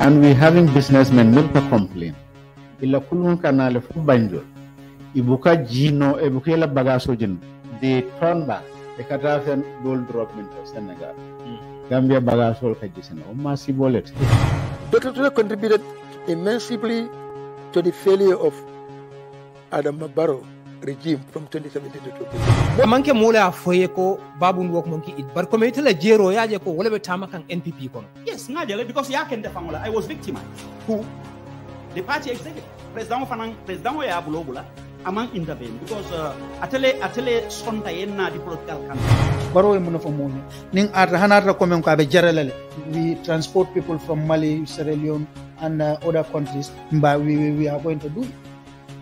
and we having businessmen not to complain. Ila kulun kanale fu Ibuka jino ebukela ila bagaso jin. the turn back. They cut gold drop into Senegal. Gambia bagaso kajisena. Umasi bolet. Dr. Tula contributed immensely to the failure of Adam Barrow regime from 2017 to 2020 manke mola foye yes because ya ken defa i was victimized who the party executive president fanan president ya bulo bula among intervene because uh, atele atele sonta yenna di political campaign baro e munafo mumi ning arahanar hanarta komen ko aɓe we transport people from mali sierra leone and uh, other countries mba we, we, we are going to do it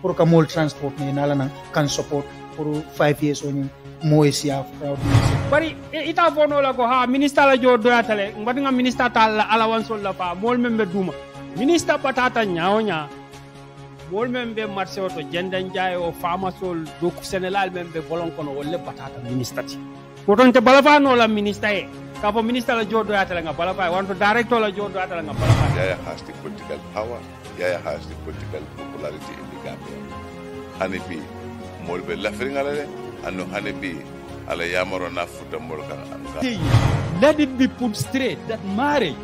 pour que mol transport ne nala nan kan support pour 5 years oñin moy siya fraud bari ita fono la ko ha ministre la jo doyatale ngati nga ministre tal la alawan sol la fa mol membe duma ministre patata nyaaw nyaa wol men be marché oto jenden jaye o famasol doku sénégal men be bolon kono wolle batata ministre ti woton te balafa no la ministre e ka fo ministre la jodo yatala nga balafa e, wanto directeur la jodo yatala nga balafa e. yeah, has the political power has the political popularity in the Gambia. Hanibi, Molbe and Hanibi, Let it be put straight that marriage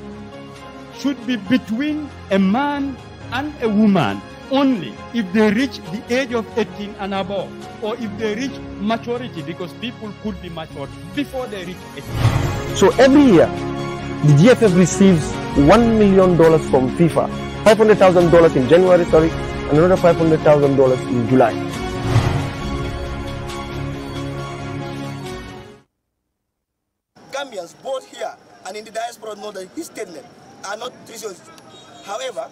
should be between a man and a woman only if they reach the age of 18 and above, or if they reach maturity, because people could be mature before they reach 18. So every year, the GFF receives $1 million from FIFA $500,000 in January, sorry, and another $500,000 in July. Gambians, both here and in the diaspora, know that his statement are not treasures. However,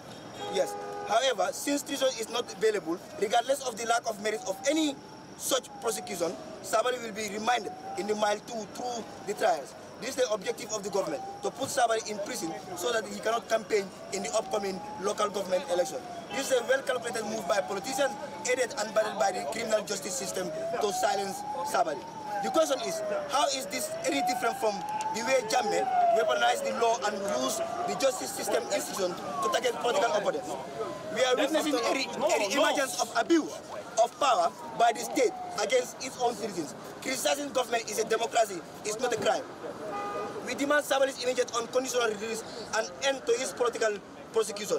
yes, however, since treason is not available, regardless of the lack of merit of any such prosecution, somebody will be reminded in the mile two through the trials. This is the objective of the government, to put somebody in prison so that he cannot campaign in the upcoming local government election. This is a well-calculated move by politicians, aided and backed by the criminal justice system to silence somebody. The question is, how is this any different from the way Jamme weaponized the law and used the justice system institution to target political opponents? We are witnessing an emergence of abuse of power by the state against its own citizens. Criticizing government is a democracy, it's not a crime. We demand Sabali's immediate unconditional release and end to his political prosecution.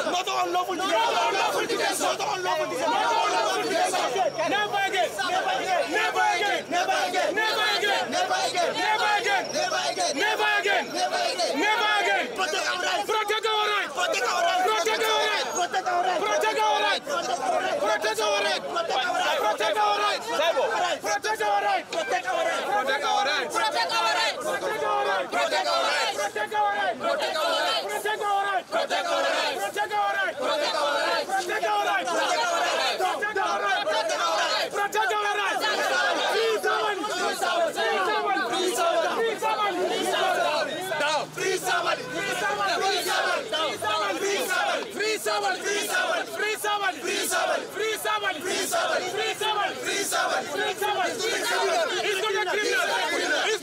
detention. Not on lawful detention. Not on lawful detention. Not on lawful detention. Not on lawful detention. Never again. Never again. Never again. Never again. Never again. Never again. Never again. Never again. Never again. Never again. Never again. Protect our rights. Protect our rights. Protect our rights. Protect our rights. Protect our rights. Protect our rights. Protect our rights. Protect our rights. Protect our rights. Protect our rights. Protect our rights. Protect our rights. Protect our rights. Protect our rights. He's going to kill you.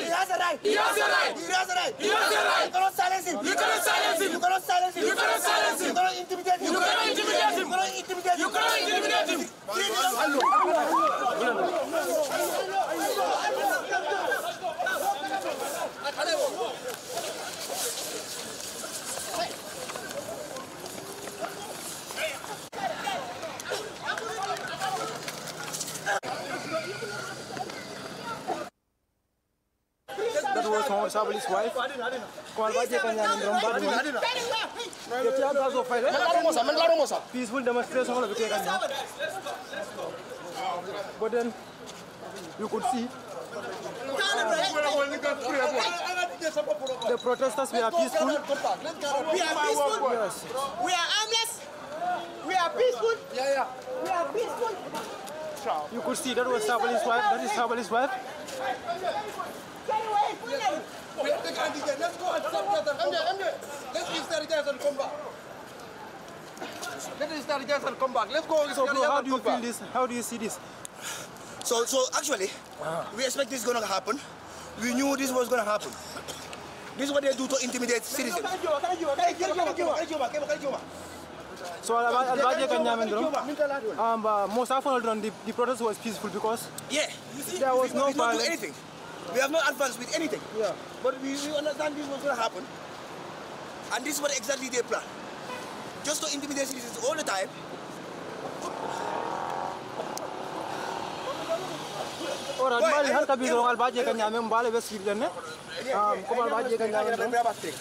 He has a right. He has a right. He has a right. He has a right. You cannot silence him. You cannot silence him. You cannot silence him. You cannot silence him. You cannot intimidate him. You cannot intimidate him. You cannot intimidate him. You cannot intimidate him. responsables wife kwabajekanyana ndiromubadi yetiyazazofaile peaceful demonstration olobikekanya but then you could see the protesters We are peaceful. We are peaceful. Yes. We are armless. We are peaceful. Yeah, yeah. We are peaceful. You could see that was Sabali's wife. That is Sabali's wife. Get away quickly! Wait, the guy again. Let's go and start gas and come back. Let's restart the gas and come back. Let's restart the gas and come back. Let's go. So, bro, how do you feel this? How do you see this? So, so actually, ah. we expect this is going to happen. We knew this was going to happen. This is what they do to intimidate citizens. So Alabaje Kanyamendro, um, uh, most often the, the protest was peaceful because yeah, see, there was no violence. We have not advanced with anything. Yeah. But we, we understand this was going to happen. And this is what exactly their plan. Just to intimidate citizens all the time. और हमारे हर कभी लोग बाजे का नाम बाले waste I ने हां को बाजे का नाम है मेरा बात है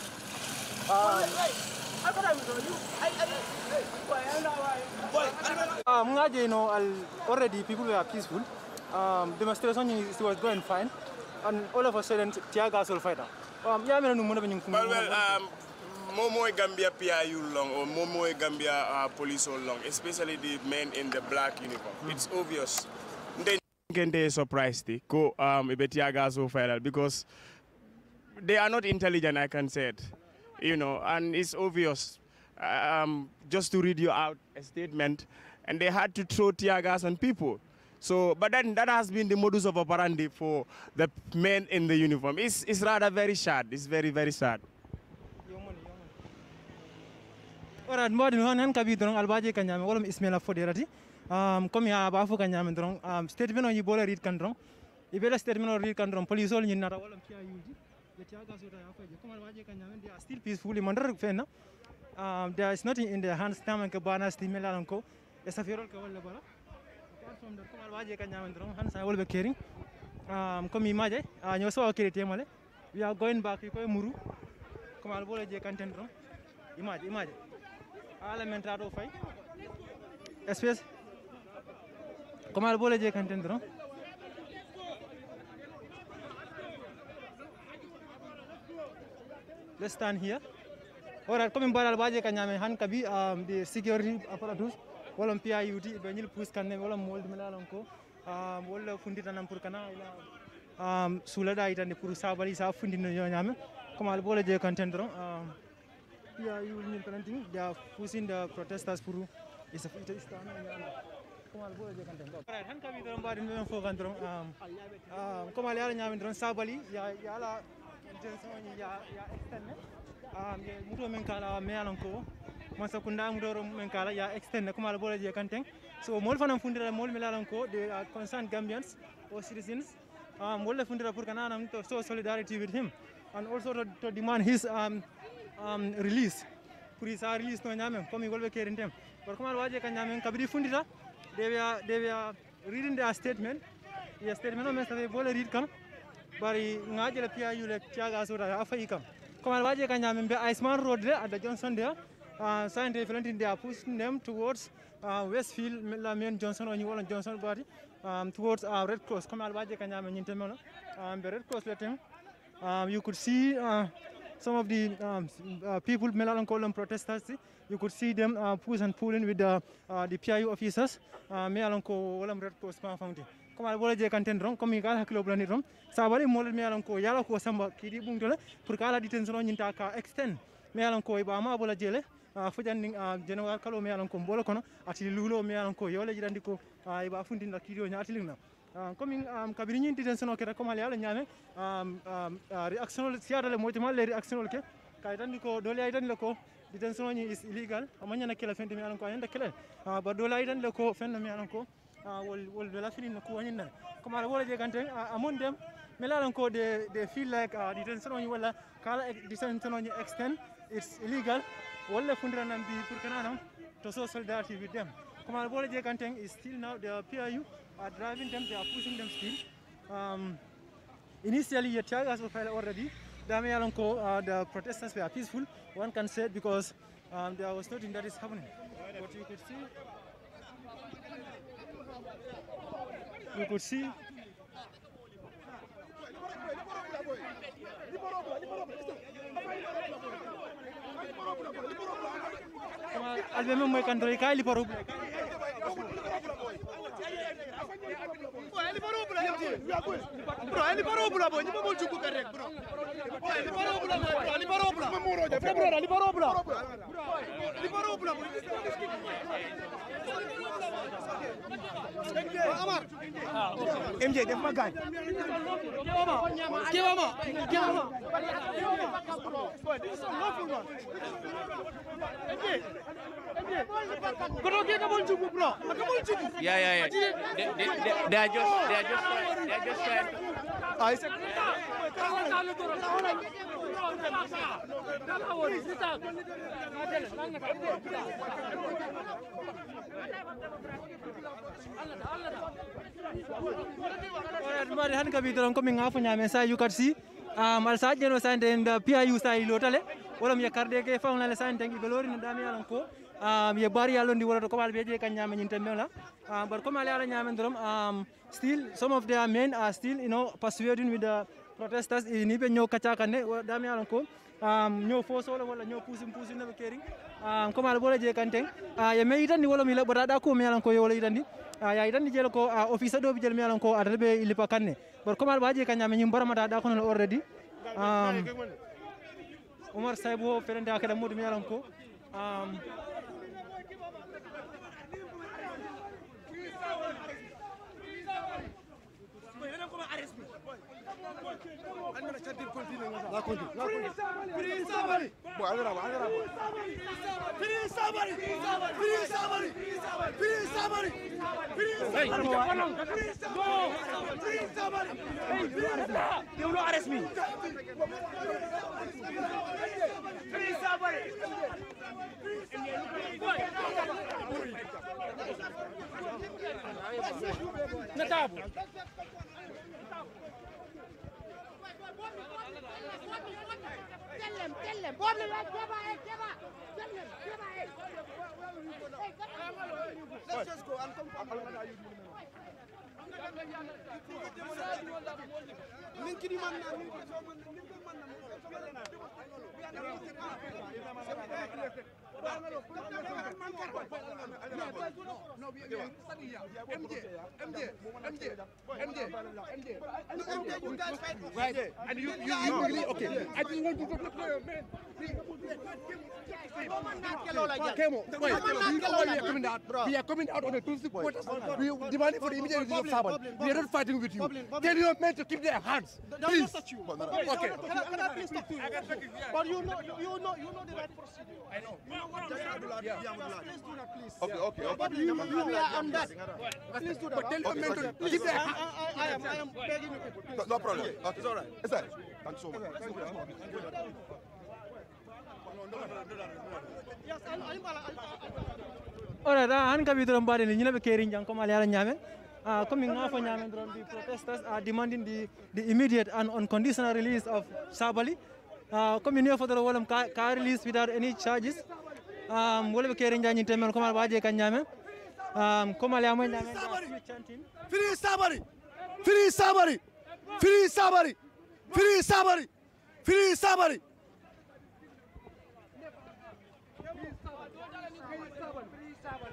हां मुंगा जे नो already people were peaceful um demonstration is, was going fine and all of a sudden tear gas will fight out. Um, yeah, I mean, well, well, um, Momo Gambia PIU long or Momo Gambia uh, police all long, especially the men in the black uniform. Mm. It's obvious. They can they surprised the eh? go um will so far because they are not intelligent, I can say it. You know, and it's obvious. Um, just to read you out a statement, and they had to throw tear gas on people. So, but then that has been the modus of operandi for the men in the uniform. It's, it's rather very sad. It's very, very sad. orat mbaɗin hon hen kabi doron albaji ka ñaami walla mi ismaila fodirati um, comme ya bafo ka ñaami doron um, statement o kan statement kan still peacefully there is nothing in their hands bana comme imaje a ñoo sowa keeri temale wiya goyen baki koye muru comme al ɓole je kanten ɗom imaje imaje ala men ta ɗo fay espèce comme al let's stand here all right comme mbaɗal waje ka ñamen han kabi um, the security apparatus wala mpiya yuti ɓe ñil puus kanne mold mo woldumen alon ko walla funditanan pour kana ila suulaɗa yitande pour sabali sa fundino ñoñame comme ala ɓoola jeey kanten doron piya yulñil kanan tin da fusinda protestas pour a ita istana ñala comme ala ɓoola jeey kanten ɗo tan kawi doron mbaɗen ɗon fof kan doron comme ala yaala ñamen doron sabali ya yaala intention ya ya externe Ah, muto men kala me ko mon sa kunda mudoro men kala ya extend kuma la bolaje kanteng so mol fana fundira mol me ko de concerned gambians or citizens um mol fundira pour kana nam to show solidarity with him and also to, to demand his um um release pour sa release no nyamen comme igol be kerin tem par kuma waje kan nyamen kabidi fundira they were they were reading their statement ya statement no men sa bole read kam bari ngaje la pia yule tiaga sura afai kam Kamal Waje Kanyamembe, Iceman Road there at the Johnson there. Uh, ah, sign referenting they are pushing them towards uh, Westfield, Lamian Johnson, or Newell Johnson body, um, towards uh, Red Cross. Come Kamal Waje Kanyamembe, um, the Red Cross letting. Um, you could see uh, some of the um, uh, people, Melalankolan protesters, you could see them uh, push and pulling with the, uh, the PIU officers. Uh, Melalankolan Red Cross Fountain. comme wala je kan ten ron comme ga hakilo blani ron sa bari molel mi alan ko yala ko samba kidi bung dole pour kala di ten sono nyinta ka extend mi alan ko ba ma bola jele uh, fujandi uh, general kalo mi alan ko bolo kono ati lulo mi alan ko yole jidandi ko ay ba fundi na kidio nyaati lingna Ah, comme ah, kabiri ñin titen seno keta comme halayala ñame ah, réaction siyatale moytimalle réaction ke kay tandi ko dole ay tandi le ko diten seno ñi is illegal amañana kela fende mi alan ko ayanda kele ba dole ay tandi le ko fende mi alan ko wol wol de la fili no ko wañinna comme ala wala je gante amon dem melalan ko de de feel like diten seno ñi wala kala diten seno ñi extend it's illegal wala fundiranam bi pour kananam to so soldat with dem comme ala wala je gante is still now the PIU are driving them, they are pushing them still. Um, initially, Yetiago has offered already. Dami Alonko, uh, the protesters were peaceful, one can say, because um, there was nothing that is happening. But you could see, you could see Albeme moy kan doy kay li ele parou bula bro ele parou bula boy ni bagol chuku karek bro boy ele parou bula boy bro ele parou bula mamoro je bro ele parou bula bro ele parou bula boy Amar MJ def ma gaañ kewama kewama kewama boy this is lawful one MJ But okay, come on, Chubu, bro. Come on, Chubu. Yeah, yeah, yeah. They, they, they, they are just, they are just, trying, they are just trying. I said. Mari han kabi ah, dami yalan ko um, ye bari yallo ndi worato koɓal ɓe ƴe kan ñame ñin tembe la um, but comme ala ala ñamen ndorom um, still some of their men are still you know persuading with the protesters e ni ɓe ñow kacca kanne dami alon ko um, ñow fo solo walla ñow pusim pusimneɓe keering um, comme ala ɓola jeey kan teng uh, ye mai yitandi wala mi laɓɓata ɗa ko mi alan ko yo wala yitandi uh, ya yitandi jeelo ko uh, office aɗo bijel mi alan ko adata ɓe lipa kanne but comme ala ɓa jeey kan ñame ñin baramata ɗa konol already um, oumar saybou o feɗende a keɗa mi alan um, c'est-à-dire continuer nga la continue la continue Free Sabaly bon allez là allez là Free Sabaly Free Sabaly Free Sabaly Free Sabaly yow loo arrêté mi Free Sabaly na taabu them, tell them. Bob, let's give it, give it. Tell them, give it. Let's just go and come from Ninkini manna, ninkini manna, ninkini manna. No, bien, bien. MJ, MJ, MJ, MJ. And you, you, you Okay. I just want to talk to you, man. We are coming out We are coming out on the Tuesday. quarters. We are demanding for the immediate release of Saban. We are not fighting with you. Tell your men to keep their hands. Please. Okay. Can I please talk to you? But you know, you know, you know the right procedure. I know. Okay, okay, okay. But you, you are on that. Please do that. But tell your men to keep their hands. I am, I am begging you people. No, no problem. Okay. It's all right. It's all right. Thank you so much. Thank you. Ora da han kabi drum bare ni ñina be kerin jang comme ala ñamen ah comme nga fa ñamen drum di protesters are demanding the the immediate and unconditional release of Sabali ah comme ñu fa dara walam ka release without any charges um, wole ɓe keere jañinte men komal waaje kan ñaamen um, komal yamo ñaamen firi sabari firi sabari firi sabari firi sabari firi sabari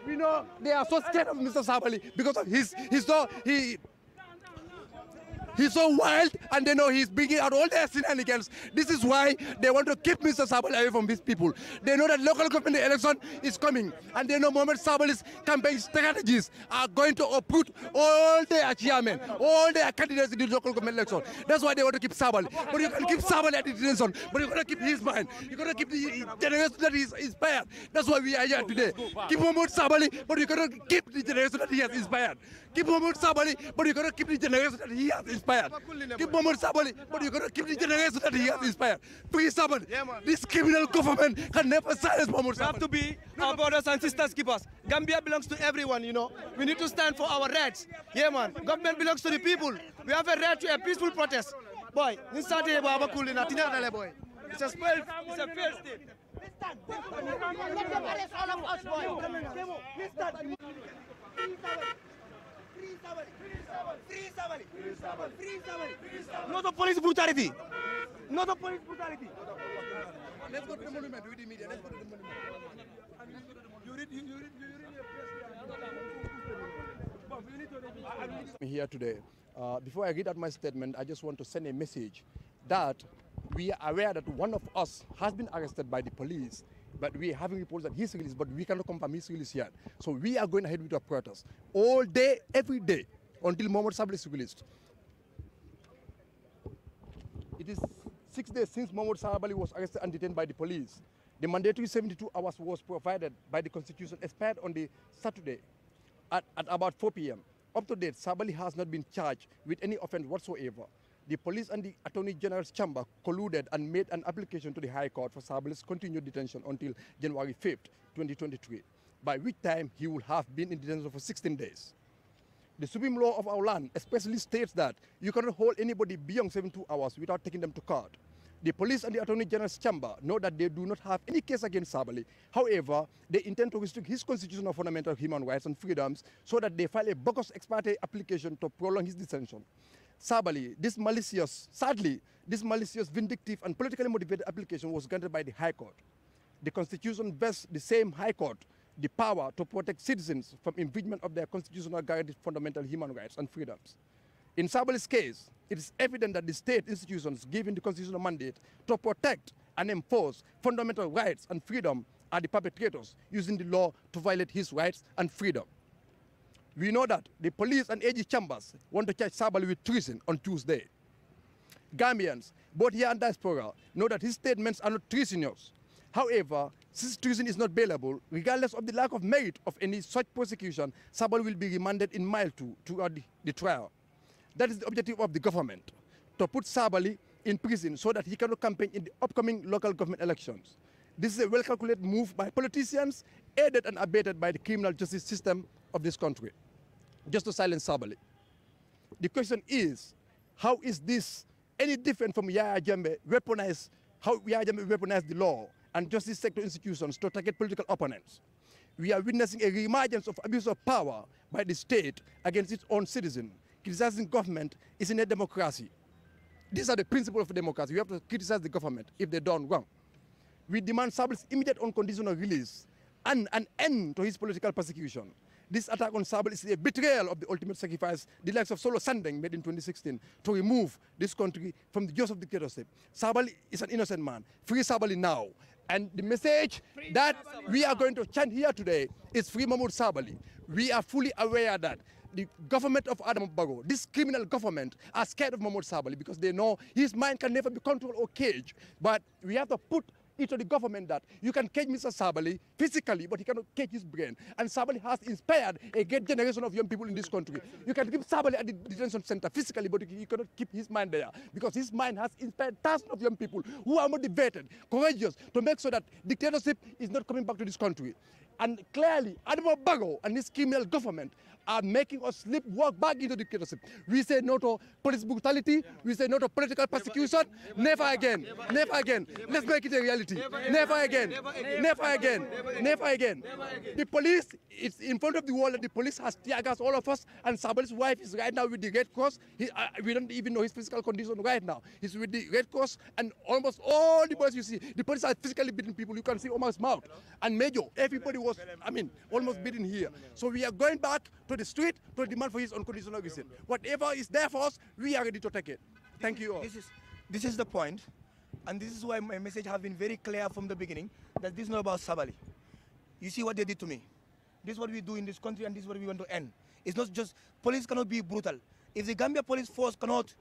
We know they are of Mr. Sabali because of his, his, he, He's so wild, and they know he's bringing out all their shenanigans. This is why they want to keep Mr. Sabal away from these people. They know that local government election is coming, and they know Mohamed Sabal's campaign strategies are going to uproot all their chairmen, all their candidates in the local government election. That's why they want to keep Sabal. But you can keep Sabal at the detention, but you cannot keep his mind. You cannot keep the generation that is inspired. That's why we are here today. Keep Mohamed Sabali, but you cannot keep the generation that he has inspired. Keep Mohamed Sabali, but you cannot keep the generation that he has inspired inspired. Keep Mohammed Sabali, but you're going to keep the generation that he has inspired. Please, Sabali, this criminal government can never silence Mohammed Sabali. We have to be our brothers and sisters keepers. Gambia belongs to everyone, you know. We need to stand for our rights. Yeah, man. Government belongs to the people. We have a right to a peaceful protest. Boy, this Saturday, boy, boy. It's a spell. It's a fair state. Let them arrest all of us, boy. Mister. Not the police brutality. Not the police brutality. Let's go to the monument with the media. Let's go to the monument. You read, you, you read, you read your press. I'm here today. Uh, before I read out my statement, I just want to send a message that we are aware that one of us has been arrested by the police but we are having reports that he's released, but we cannot confirm he's released yet. So we are going ahead with our protest all day, every day until Mohammad Sabri is released. It is six days since Mohammad Sabali was arrested and detained by the police. The mandatory 72 hours was provided by the Constitution expired on the Saturday at, at about 4 p.m. Up to date, Sabali has not been charged with any offense whatsoever. The police and the Attorney General's chamber colluded and made an application to the High Court for Sabali's continued detention until January 5th, 2023, by which time he would have been in detention for 16 days. The supreme law of our land especially states that you cannot hold anybody beyond 72 hours without taking them to court. The police and the Attorney General's chamber know that they do not have any case against Sabali. However, they intend to restrict his constitutional fundamental human rights and freedoms so that they file a bogus ex parte application to prolong his detention. Sabali, this malicious, sadly, this malicious, vindictive, and politically motivated application was granted by the High Court. The Constitution vests the same High Court the power to protect citizens from infringement of their constitutional guaranteed fundamental human rights and freedoms. In Sabali's case, it is evident that the state institutions given the constitutional mandate to protect and enforce fundamental rights and freedom are the perpetrators using the law to violate his rights and freedom. We know that the police and AG chambers want to charge Sabali with treason on Tuesday. Gambians, both here and diaspora, know that his statements are not treasonous. However, treason is not bailable. Regardless of the lack of merit of any such prosecution, Sabal will be remanded in mile two throughout the, the trial. That is the objective of the government, to put Sabali in prison so that he cannot campaign in the upcoming local government elections. This is a well-calculated move by politicians, aided and abated by the criminal justice system of this country, just to silence Sabali. The question is, how is this any different from Yaya Jembe weaponized, how Yaya Jembe weaponized the law and justice sector institutions to target political opponents. We are witnessing a reemergence of abuse of power by the state against its own citizen. Criticizing government is in a democracy. These are the principles of democracy. You have to criticize the government if they don't wrong. We demand Sable's immediate unconditional release and an end to his political persecution. This attack on Sable is a betrayal of the ultimate sacrifice the likes of Solo Sandeng made in 2016 to remove this country from the jaws of dictatorship. Sabali is an innocent man. Free Sabali now. And the message that we are going to chant here today is Free Mahmoud Sabali. We are fully aware that the government of Adam Bago, this criminal government, are scared of Mahmoud Sabali because they know his mind can never be controlled or caged. But we have to put it's to the government that you can catch Mr. Sabali physically, but you cannot catch his brain. And Sabali has inspired a great generation of young people in this country. You can keep Sabali at the detention center physically, but you cannot keep his mind there because his mind has inspired thousands of young people who are motivated, courageous, to make sure that dictatorship is not coming back to this country. And clearly, Admiral Bago and his criminal government are making us walk back into dictatorship. We say no to police brutality. We say no to political persecution. Never again. Never again. Let's make it a reality. Never again. Never again. Never again. The police, it's in front of the wall. The police has tear gas all of us. And Sabal's wife is right now with the Red Cross. He, uh, we don't even know his physical condition right now. He's with the Red Cross. And almost all the boys you see, the police are physically beating people. You can see Omar's mouth. And Major, everybody was, I mean, almost beaten here. So we are going back to the street to demand for his unconditional consent. Whatever is there for us, we are ready to take it. Thank you all. This is, this is the point, and this is why my message has been very clear from the beginning, that this is not about Sabali. You see what they did to me. This is what we do in this country, and this is what we want to end. It's not just, police cannot be brutal. If the Gambia police force cannot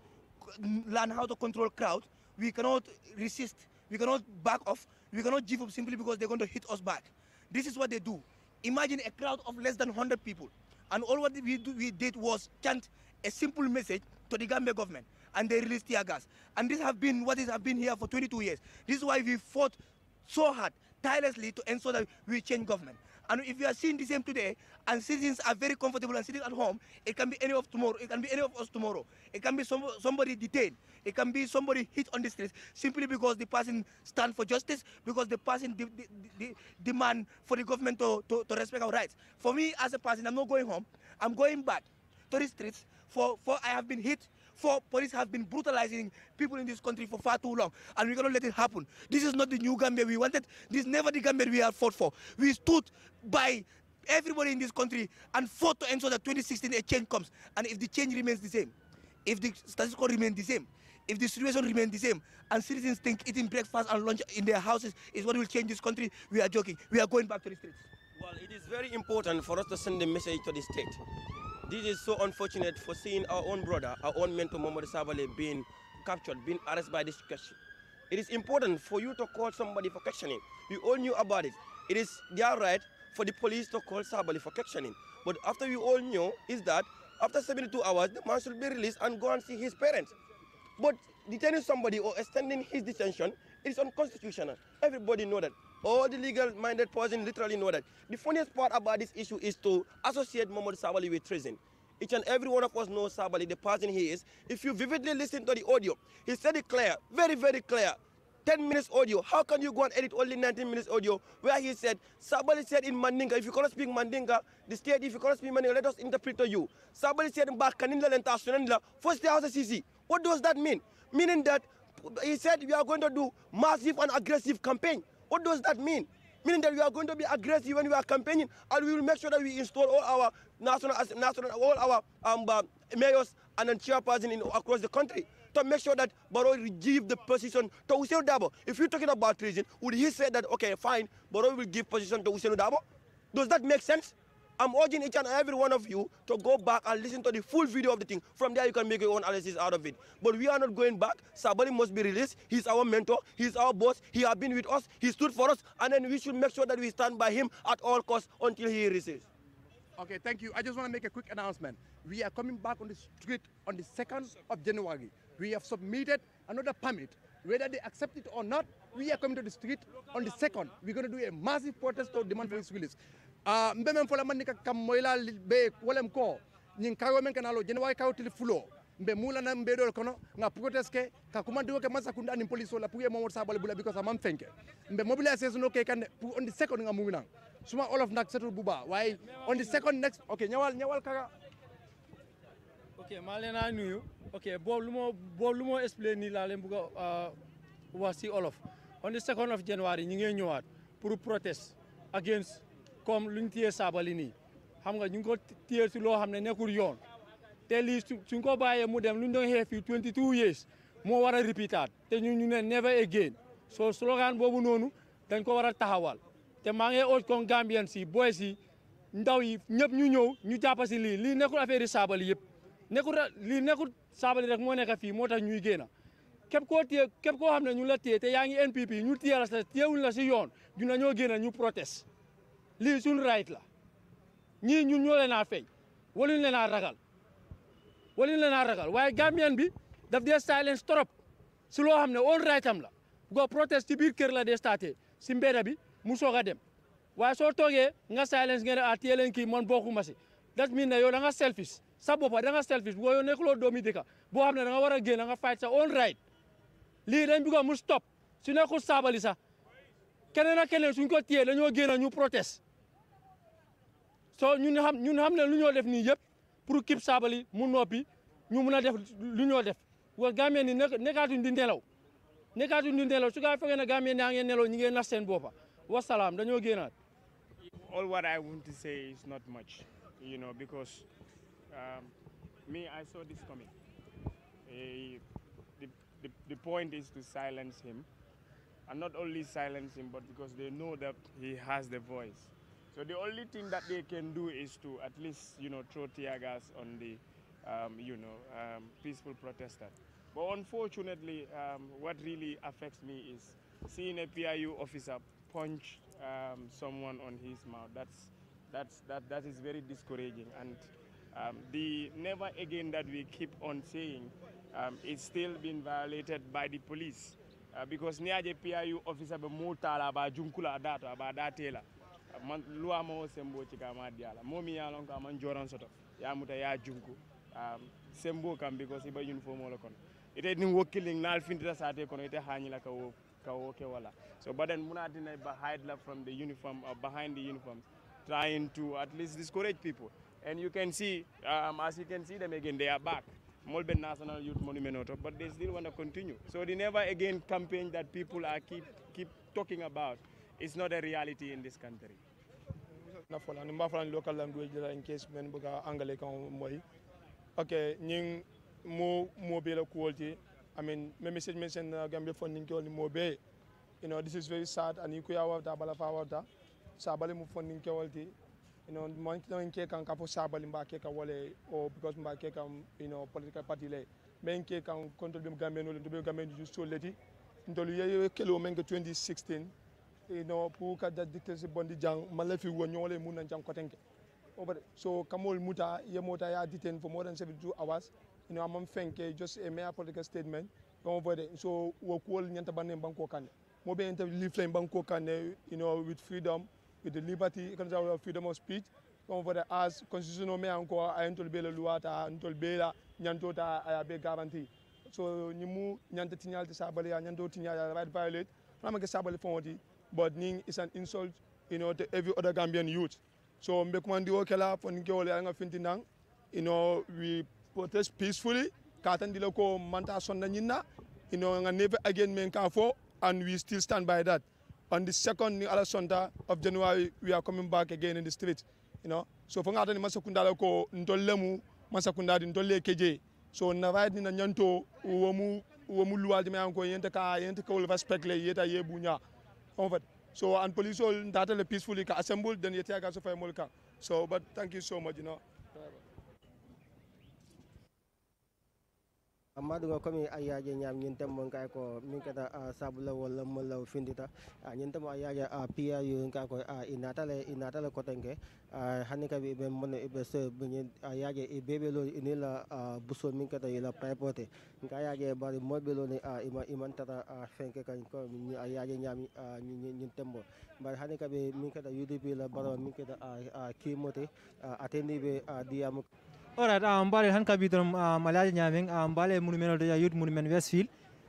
learn how to control crowd, we cannot resist, we cannot back off, we cannot give up simply because they're going to hit us back. This is what they do. Imagine a crowd of less than 100 people. And all what we, do, we did was chant a simple message to the Gambia government and they released tear gas. And this have been what have been here for 22 years. This is why we fought so hard, tirelessly to ensure that we change government. And if you are seeing the same today, and citizens are very comfortable and sitting at home, it can be any of tomorrow. It can be any of us tomorrow. It can be some, somebody detained. It can be somebody hit on the streets simply because the person stand for justice, because the person de de de demand for the government to, to, to respect our rights. For me as a person, I'm not going home. I'm going back to the streets for, for I have been hit for police have been brutalizing people in this country for far too long, and we cannot let it happen. This is not the new Gambia we wanted. This is never the Gambia we have fought for. We stood by everybody in this country and fought to ensure that 2016 a change comes. And if the change remains the same, if the status quo remains the same, if the situation remains the same, and citizens think eating breakfast and lunch in their houses is what will change this country, we are joking. We are going back to the streets. Well, it is very important for us to send a message to the state this is so unfortunate for seeing our own brother, our own mentor Mohamed Sabale being captured, being arrested by this question. It is important for you to call somebody for questioning. We all knew about it. It is their right for the police to call Sabali for questioning. But after we all knew is that after 72 hours, the man should be released and go and see his parents. But detaining somebody or extending his detention is unconstitutional. Everybody know that. All the legal-minded person literally know that. The funniest part about this issue is to associate Mohamed Sabali with treason. Each and every one of us knows Sabali, the person he is. If you vividly listen to the audio, he said it clear, very, very clear. 10 minutes audio. How can you go and edit only 19 minutes audio where he said, Sabali said in Mandinga, if you cannot speak Mandinga, the state, if you cannot speak Mandinga, let us interpret to you. Sabali said in Bakaninla and Tasunanla, first house CC. What does that mean? Meaning that he said we are going to do massive and aggressive campaign. What does that mean? Meaning that we are going to be aggressive when we are campaigning, and we will make sure that we install all our national, national all our um, uh, mayors and then chairperson in, across the country to make sure that Barrow will give the position to Usain Dabo. If you're talking about treason, would he say that, okay, fine, Barrow will give position to Usain Dabo? Does that make sense? I'm urging each and every one of you to go back and listen to the full video of the thing. From there, you can make your own analysis out of it. But we are not going back. Sabali must be released. He's our mentor. He's our boss. He has been with us. He stood for us. And then we should make sure that we stand by him at all costs until he receives. Okay, thank you. I just want to make a quick announcement. We are coming back on the street on the 2nd of January. We have submitted another permit. Whether they accept it or not, we are coming to the street on the 2nd. We're going to do a massive protest to demand for his release. a ah, mbe men fola manni kam moyla be wolem ko nyin kayo men kanalo jeni way kayo til fulo mbe mula na mbe dol kono nga pugoteske ka kuma kumandi ke masa kunda ni police wala puye momor sabal bula because amam fenke mbe mobile season okay kan on the second nga mungi nang suma olof of nak settle buba why on the second next okay nyawal nyawal kaga ok maa leen naa nuyu ok boobu lu moo boobu lu moo expliqué nii laa leen bëgg ah, olof on the second of January ñi ngey ñëwaat pour protest against comme luñ téye saabali nii xam nga ñu ngi ko téye si loo xam ne nekkul yoon te lii suñ ko bàyyee mu dem luñ doon xeex fii 22 years moo war a répétaat te ñu ñu ne never again soo slogan boobu noonu dañ ko war a taxawal te maa ngi ooj kon Gambien si boy si ndaw yi ñëpp ñu ñëw ñu jàpp si lii lii nekkul affaire yi saabali yëpp nekkul lii nekkul saabali rek moo nekk fii moo tax ñuy génn képp koo téye képp koo xam ne ñu la téye te yaa ngi NPP ñu téye la sa téyewuñ la si yoon dina ñoo génna ñu proteste lii suñu right la ñii ñun ñoo leen a feeñ waluñ leen a ragal waluñ leen naa ragal waaye Gambien bi daf dee silence trop si loo xam ne on right am la go protest ci biir kër la dee staté si mbedda bi mu soog a dem waaye soo toogee nga silence ngeen a ah, téye leen kii man bokkuma si dat min na yow da nga selfish sa boppa da nga selfish boo yow nekkuloo doomi dëkka boo xam ne da nga war a génn nga fight sa on right lii dañ bëgg mu stop su nekkul saabali sax keneen ak suñ ko téyee dañoo génn ñu protest ñun xam ñun xam lu ñoo def yëpp pour Kip mu ñu def lu ñoo def wa ni di nelaw di nelaw su ngeen nelaw ñi ngeen seen dañoo all what I want to say is not much you know because um, me I saw this coming eh, the, the, the point is to silence him and not only silence him but because they know that he has the voice so the only thing that they can do is to at least, you know, throw tear gas on the, um, you know, um, peaceful protesters. But unfortunately, um, what really affects me is seeing a PIU officer punch um, someone on his mouth. That's, that's, that, that is very discouraging. And um, the never again that we keep on saying um, is still being violated by the police. Uh, because the PIU officer be mutala about junkula data that datela man luwama o sembo cikama diyala momi yalon ko aman joran soto yamuta ya junko um, sembo kam because iba uniformola kono ite nin wokkilin nal findita sate kono ite hañila ka wo ka wo ke wala so baden munatina ba hide la from the uniform or uh, behind the uniform trying to at least discourage people and you can see um, as you can see them again they are back Molben National Youth Monument but they still want to continue so they never again campaign that people are keep keep talking about is not a reality in this country. na fola ni mba fola local language la in case men buga angale kan moy okay ñing mo mo be la quality i mean me message men sen gambia fon ñing ko mo be you know this is very sad and ku ya wata bala fa wata sabali mu fon ñing ko walti you know man ko ñing ke kan ka fo sabali mba ke ka wole o because mba ke kan you know political party le men ke kan control bi gambia no le do gambia ju so leti ndolu ye kelo men ko 2016 no pour ka jadite si bondi jang fi wo nyole mun na jang kotenke over so kamol muta ye mota ya detain for more than 72 hours you know amam fenke just a mere political statement don over so wo kol nyanta banne banko kande mo be enta leaflet banko kande you with freedom with the liberty kan za freedom of speech don over as constitutional me anko ayentol bela luata antol bela nyantota aya be garantie so nyimu nyanta tinyal ti sabale ya nyanto tinyal right violate ramake sabale fondi but ning is an insult, you know, to every other Gambian youth. So Mbekwandi Okela from Geole Anga Fintinang, you know, we protest peacefully. Katan Diloko Manta Sondanina, you know, and never again Menkafo, and we still stand by that. On the second Alasonda of January, we are coming back again in the street. You know, so for ngata ni masakunda lako ndolemu masakunda ndole ndolle So na right na nyanto uomu uomu luwa di meyanko yente ka yente ka ulva spekle yeta yebunya. So and police all that peacefully assembled then you take us for Molka. So but thank you so much, you know. amma duga komi ayaje nyam nyintem mon kay ko min kata sabula wala mala findita nyintem ayaje a pia yu ka ko a inatale inatale ko tenge hani ka be mon be se bin ayaje e bebe lo ni inila buso min kata yila pipote ka ayaje bari mobilo ni a ima iman tata fenke kan ko ni ayaje nyam nyintem bo bari hani ka be min kata bi la baro min kata a kimote atendi be diamu Alright, um, bale han kabidum um, malaje nyamen um, bale monument de youth monument Westfield.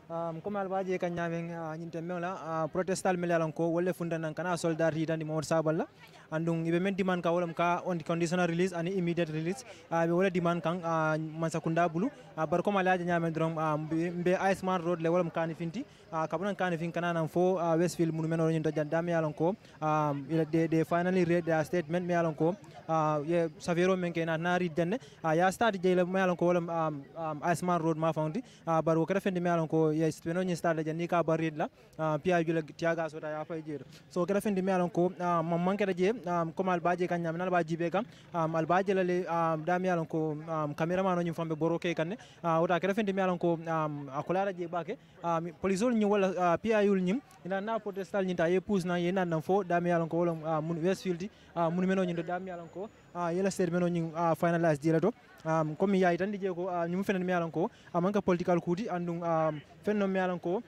Um, comme albaje kan nyamen uh, nyinte la uh, protestal melalon ko wolle fundan kan soldar hitandi mo saballa and dung ibe men demand ka wala ka on conditional release and immediate release uh, ah, be wala demand kan uh, ah, man sakunda bulu uh, bar ko malaja nyamen drum uh, be ice man road le wala kan finti uh, kabuna kan fin kana fo uh, westfield mun men on to janda me yalon ko um, they, they finally read their statement me yalon ko uh, ye savero men ke na na denne uh, ya start je le me yalon ko wala um, um, ice man road ma foundi uh, bar ko fendi me yalon ko ye steno ni start jani ka bar read la uh, pia jula tiaga so ta ya fay jere so kada fendi me yalon ko uh, man manke da je um, comme albaje kan nyamna albaji be kan um, albaje lale um, dami alon ko um, cameraman nyum fambe boro ke kan uh, wota kere fendi mi alon ko um, akolara je bake um, polizol nyi wala uh, piayul nyim ina na protestal nyinta ye pus na ye nan fo dami alon ko wolon uh, mun westfield uh, mun meno nyindo dami alon ko uh, yela ser meno nyi uh, finalize dila to um, comme yayi tan dije ko uh, nyum fenen mi alon ko amanka political kuti andum um, fenno mi alon ko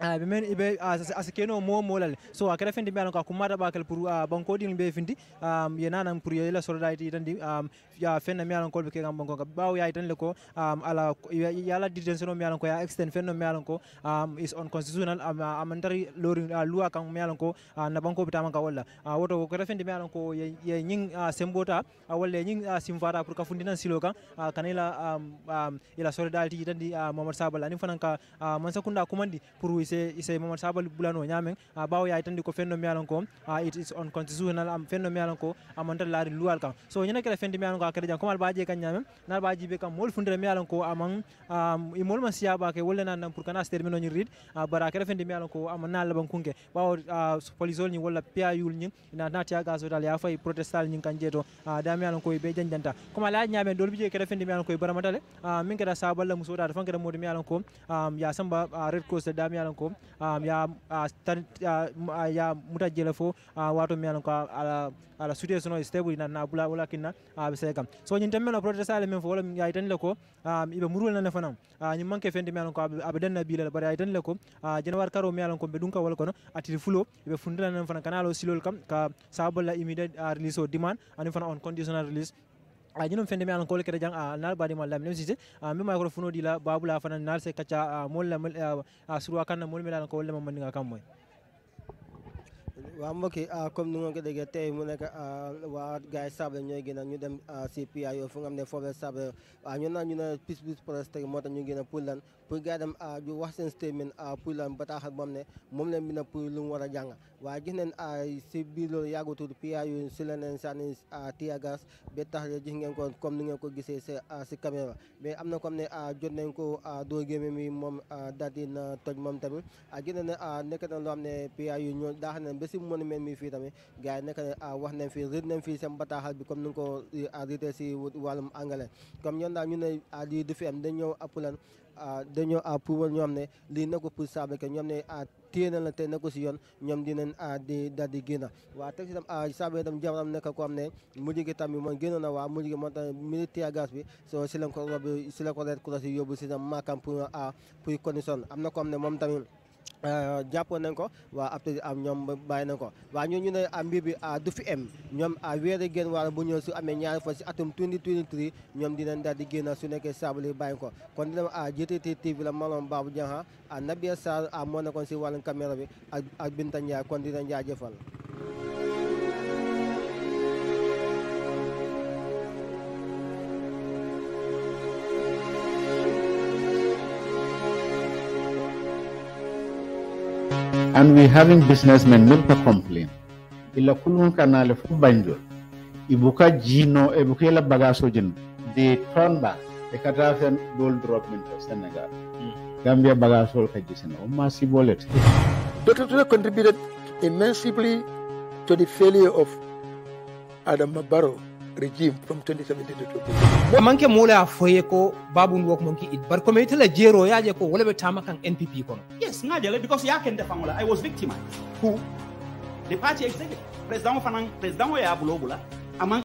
ɓe ah, men ɓe asikeno ah, momolal so akata fendi mbiyano ka kummata ɓakal pour ah, bankoɗin ɓe fendi um, yenanam pour yela sorodayti tandi um, fenna mbiyanon kolɓe ke kam banko kam ɓaw yayi tan le ko um, ala yala detention o mbiyanon ko ya externe fenno mbiyanon ko is on constitutional aman tari lori loi kan mbiyanon ko na bankoɓe taman ka walla woto kata fendi mbiyanon ko ye ñing sembota walla ye ñing pour ka fundi tan silo kan kana ila ila sorodayti tandi mamadou sabal anin fanan ka man sakunda kumandi pour ise ise mamadou sabal bulano ñamen ha ɓawo yaade tandi ko fenno mi yalan ko ha it is on constitutional am um, fenno mi yalan ko amantata laari luwal kam so ñana kela fende mi ko ha kede jam comme kan ñamen na albaji ɓe kam mol fundira mi yalan ko aman i molma siyaɓake wolle nan nan pour kana so termine oñin riid bara kede fende mi ko e ama na laban kunke ɓawo police ol ñin walla pa yul ñin na natiya gasotal ya fayi protestal ñin kan jeeto da mi yalan koye ɓe janjanta comme alaji ñamen dolɓi jee kede fende mi yalan koye baramatale min keda saballa musoɗade fan kede modi mi yalan ko ya samba red cose da mi ko um, ya uh, ah, stan, uh, ya ah, mutajele fo uh, wato miyano ko ala ala situation sono stable na na bula wala kinna uh, be kam so nyin tan no protest ale men fo wala ya le ko um, ibe murul na fanam uh, nyin manke fendi miyano ko abe danna bilal bari ya le ko uh, janwar karo miyano ko be dunka wala kono atiri fulo ibe fundala na fanan kanalo silol kam ka sabola immediate uh, release o demand ani fanan on conditional release ajinom ah, fende me alankole kere jang ah, nal badi ma lamine sise ah, me ma ko funo dila la fana nal se kacha mol lamel surwa kan mol me alankole ma mandinga kam moy waa mbokk yi comme ni nga dege déggee tey mu nekk wa gars Sabally ñooy génn ñu dem CPI fu nga ne foofu Sabally waaw ñu naan ñu ne peace peace protest moo tax ñu génn pour pour gars dem a ah, ñu wax seen statement a ah, pour lan bataaxal moom ne moom leen bi na pour lu war a jàng waa gis neen a ah, si biir loolu yàggutul pia yooyu si la neen sànni a tiyagas ba tax gis ngeen ko comme ni ngeen ko gisee si si caméra mais am na comme ne a jot nañ ko a doo gémé mi moom daal na toj moom tamit a gis ne a nekk na loo xam ne pia yooyu ñoo daax neen ba si monument mi fii tamit gars yi ne a wax nañ fii rit nañ fii seen bataaxal bi comme ni nga ko ritee si comme ñoom daal ñu ne a lii du fi am dañ ñëw app lan Ah, dañoo a ah, prouver ñoom ne lii na ko pour saabake ñoom ne a ah, téye na la te na ko si yoon ñoom dina a di daal di génn waa teg si tam saabake tam jamaram nekk ko am ne mujj gi tam bi moom génnoon na waa mujj gi moom tam militaire gaz bi soo si lañ ko si la ko red si tam maakam pour a pour condition am na ko am ne moom tamit Euh, jàppoon nañ ko waa après am ñoom bàyyi nañ ko waa ñoo ñu ne a ah, mbir bi ah, du fi am ñoom a ah, weer a génn wàll bu ñëw si amee ñaari fois si atum 2023 ñoom dinañ daal di génn su nekkee saabali bàyyi ko kon dina a GTT TV la maloom Babou Diakha a Nabia Sarr a moo nekkoon si wàllum caméra bi ak ak Binta Ndiaye kon dinañ jaajëfal and we having businessmen will to complain ila kulun kanale fu banjol ibuka jino e buka ila bagaso jin they turn back e kata fen dol drop min to senegal hmm. gambia bagaso ka jisen o ma sibolet dr tuna contributed immensely to the failure of adam barrow regime from 2017 to 2018. yes because i was victimized who the party executive president fanan president ya bulobula among